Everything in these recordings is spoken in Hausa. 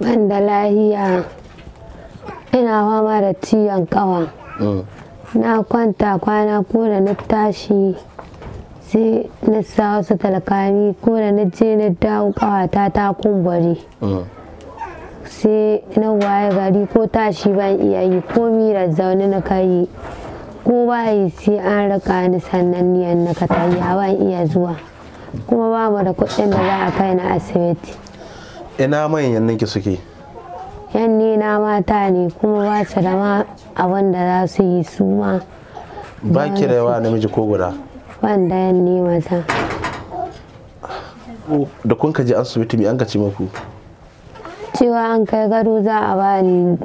ban da lahiya ina fama da ciwon kawa mm. na kwanta kwana ko da na tashi sai na sa wasu talakami ko da na je na dawo kawata ta kumbari mm. sai na waye gari ko tashi ban iya yi ko mira zaune na kai ko yi sai an raka ni sannan niyan na katayya ban iya zuwa kuma ba mu da kuɗin da za a kai na asibiti ina manyan ki suke yanni na mata ne kuma ba su da ma abin da za su yi su ma ba ki da yawa namiji ko guda wanda yanni mata da kun ka je su me an ka ci maku. cewa an kai gado za a ba ni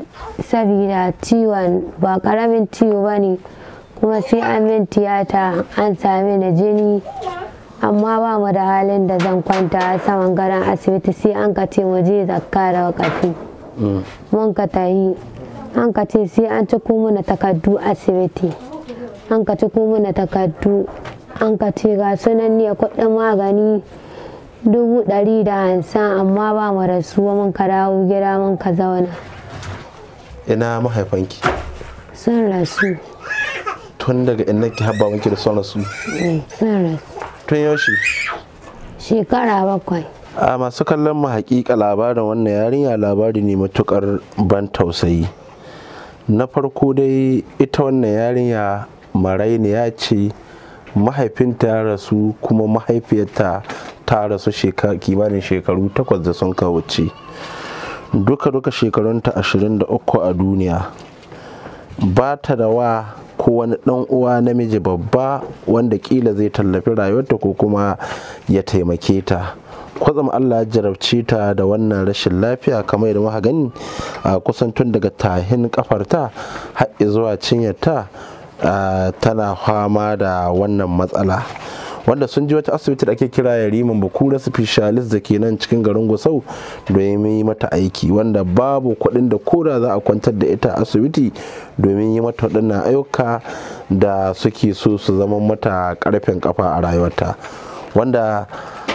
saboda ciwon ba karamin ciwo ba ne kuma sai an min tiyata an sami da jini amma ba mu da halin da zan kwanta saman garin asibiti sai an ka ce mu je zakka da wakafi mm. mun ka yi an ka ce sai an ci mana takardu asibiti an ka ci mana takardu an ka ce ga sunan ne kuɗin magani dubu ɗari da hansan amma ba mu su mun ka dawo gida mun ka zauna ina mahaifanki sun rasu tun daga inda ki haɓa ki da sun rasu eh, sun rasu tun yaushe shekara bakwai a masu kallon mu hakika labarin wannan yarinya labari ne matukar ban tausayi na farko dai ita wannan yarinya ya ce mahaifinta ya rasu kuma mahaifiyarta ta rasu kimanin shekaru takwas da sun ce duka duka shekarunta 23 a duniya ba ta da wa ko wani ɗan uwa namiji babba wanda kila zai tallafi rayuwarta ko kuma ya taimake ta kwatsam Allah ya jarabce ta da wannan rashin lafiya kamar yadda muka gani a kusan tun daga tahin kafarta har zuwa cinyarta tana fama da wannan matsala wanda sun ji wata asibiti da ake kira yariman bakura specialist da ke nan cikin garin gusau domin yi mata aiki wanda babu kuɗin da kura za a kwantar da ita asibiti domin yi mata waɗannan ayyuka da suke so su zama mata ƙarfin kafa a rayuwarta wanda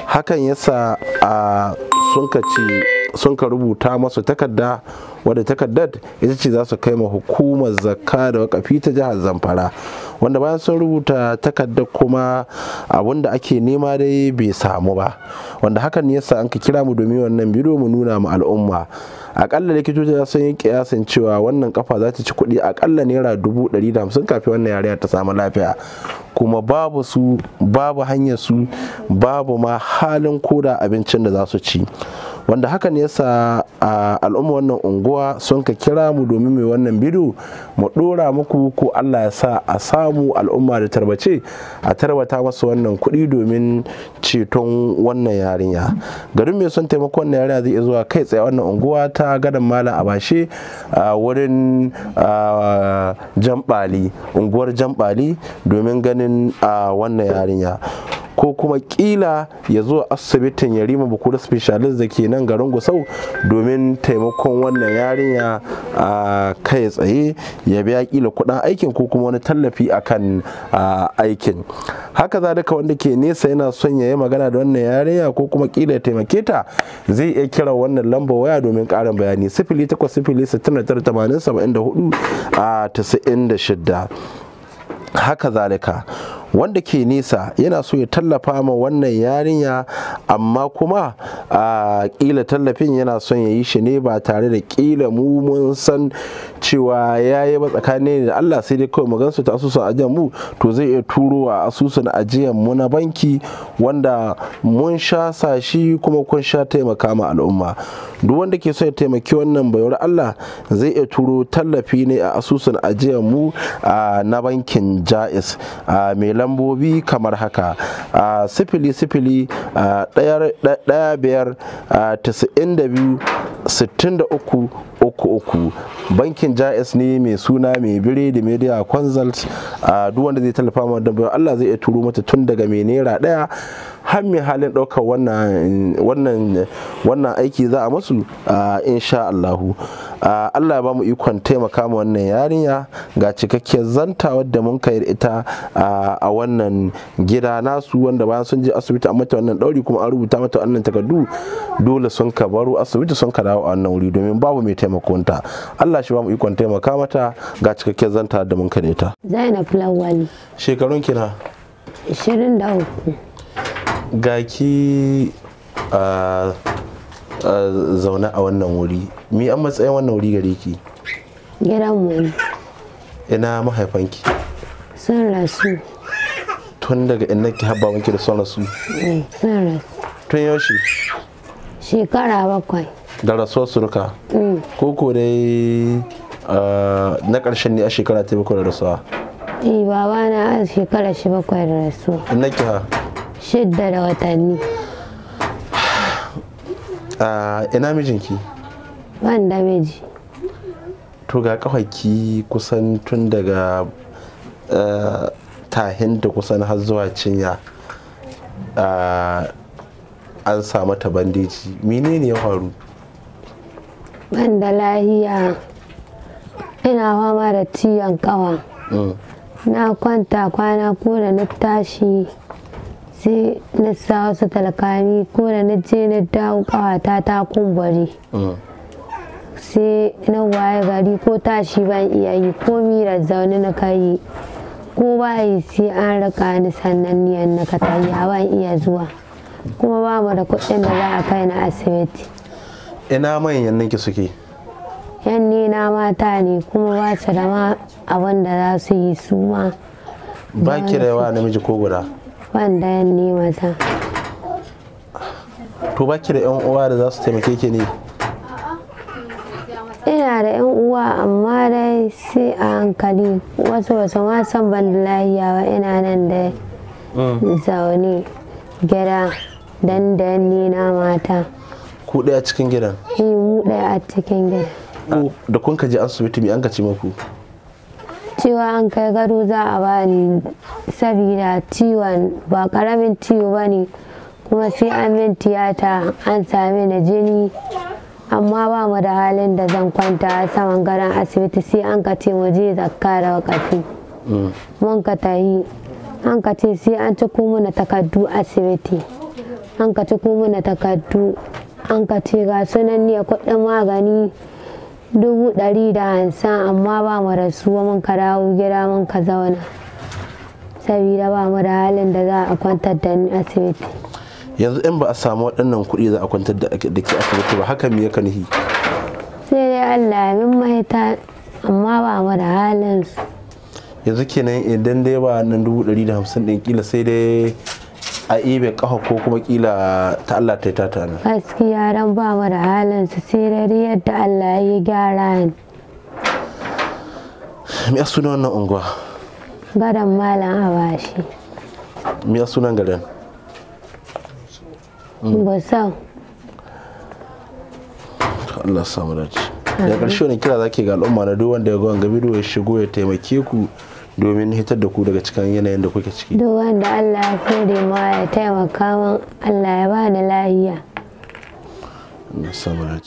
hakan yasa a ah, sun ka ci. sun ka rubuta masu takarda wadda takardar ita ce za su kai ma hukumar zakka da wakafi ta jihar zamfara wanda bayan sun rubuta takardar kuma abun da ake nema dai bai samu ba wanda hakan ne yasa an ka kira mu domin wannan bidiyo mu nuna mu al'umma akalla likitoci za su yi kiyasin cewa wannan kafa za ta ci kuɗi akalla naira dubu ɗari da hamsin kafin wannan yariya ta samu lafiya kuma babu su babu hanyar su babu ma halin koda abincin da za su ci wanda hakan yasa a al'umma wannan unguwa sun ka kira mu domin mai wannan bidu mu dora muku ko Allah ya sa a samu al'umma da tarbace a tarbata masa wannan kuɗi domin ceton wannan yarinya garin mai son taimako wannan yarinya zai zuwa kai tsaye wannan unguwa ta gadan malam abashe a wurin jambali unguwar jambali domin ganin wannan yarinya ko kuma kila ya zo asibitin ya rima bukuru specialist da ke nan garin gusau domin taimakon wannan yarinya a kai tsaye ya biya kila kudin aikin ko kuma wani tallafi akan aikin haka zalika wanda ke nesa yana son ya yi magana da wannan yarinya ko kuma kila ya taimake ta zai iya kira wannan lamba waya domin karin bayani sifili takwas sifili sittin da tara tamanin saba'in da hudu a tasa'in da shidda haka zalika wanda ke nesa yana so ya tallafa ma wannan yarinya amma kuma a kila tallafin yana son ya yi shi ne ba tare da kila mu mun san cewa ya yi ba tsakanin da Allah sai dai kawai magansu ta asusun ajiyar mu to zai iya turo a asusun ajiyar mu na banki wanda mun sha sashi kuma kun sha taimaka ma al'umma duk wanda ke so ya taimaki wannan bayar Allah zai iya turo tallafi ne a asusun ajiyar mu na bankin ja'is mai lambobi kamar haka a sifili sifili a ɗaya biyar a tasa'in da biyu sittin da uku uku uku bankin jais ne mai suna mai bire da media consult a duk wanda zai tallafa ma da Allah zai iya turo mata tun daga mai naira ɗaya har mai halin ɗaukar wannan aiki za a masu insha Allahu Allah ya ba mu ikon taimaka ma wannan yarinya ga cikakkiyar zanta da mun kai ita a wannan gida nasu wanda bayan sun je asibiti a mata wannan ɗauri kuma an rubuta mata wannan takardu dole sun ka baro asibiti sun ka dawo a wannan wuri domin babu mai taimakon ta Allah shi ba mu ikon taimaka mata ga cikakkiyar zanta da mun kai ita Zainab Lawali shekarun kina 23 ga ki a zaune a wannan wuri mi an matsayin wannan wuri gare ki gidan ne ina mahaifanki sun rasu tun daga ina ki haɓa miki da sun rasu eh, sun rasu tun yaushe shekara bakwai da rasuwa suruka mm. ko dai na ƙarshen ne a shekara ta bakwai da rasuwa eh, Babana a shekara shi bakwai da rasuwa ina ki ha shidda da watanni ah, ina mijinki ban da miji to ga kafaki kusan tun daga eh, tahin da kusan har zuwa cinya ah, an samu ta bandeji menene ya faru ban da lahiya ina fama da ciwon kawa mm. na kwanta kwana ko da na tashi sai na sa wasu talakami ko da na je na dawo kawata ta kumbari uh-huh. sai na waye gari ko tashi ban iya yi ko mira zaune na kai ko ba yi sai an raka ni sannan niyan na ban iya zuwa kuma ba mu da kuɗin da za a kai na asibiti ina manyan nake suke yan ni na mata ne kuma ba su da ma abin da za su yi su ma ba ki da yawa namiji ko guda ban da yan ni mata to baki da yan uwa da za su taimake ki ne ina da yan uwa amma dai sai a hankali wasu wasu ma san ban da lahiyawa ina nan da mm. zaune gida dan da ni na mata ku a cikin gidan eh mu ɗaya a cikin gidan da kun ka je asibiti me an ka ce muku cewa an kai gado za a bani saboda ciwon ba karamin ciwo ba ne kuma sai an min tiyata an sami na jini amma ba mu da halin da zan kwanta a saman garin asibiti sai an ka ce waje zakka da wakafi mm. mun ka tahi an ka ce sai an ci na takardu asibiti an ka ci mana takardu an ka ce ga sunan ne kuɗin magani dubu ɗari da hamsin amma ba mu rasuwa mun ka dawo gida mun ka zauna sabida ba mu da halin da za a kwantar da ni asibiti yanzu in ba a samu waɗannan kuɗi za a kwantar da ke asibiti ba haka me ya kanihi sai dai Allah ya min mahita amma ba mu da halin su yanzu kenan idan dai ba nan dubu ɗari da hamsin ɗin kila sai dai a ibe kafa ko kuma kila ta Allah ta ta ta gaskiya dan ba mu da halin su sirari yadda Allah ya gyara ni me sunan wannan unguwa gadan malam Awashi. me sunan gadan basau hmm. Allah samu ci. da ƙarshe ne kira zake ga al'umma na duk wanda ya ga wanga bidiyo ya shigo ya taimake ku domin hitar da ku daga cikin yanayin da kuke ciki duk wanda Allah ya kore ma ya taimaka min Allah ya ba da lahiya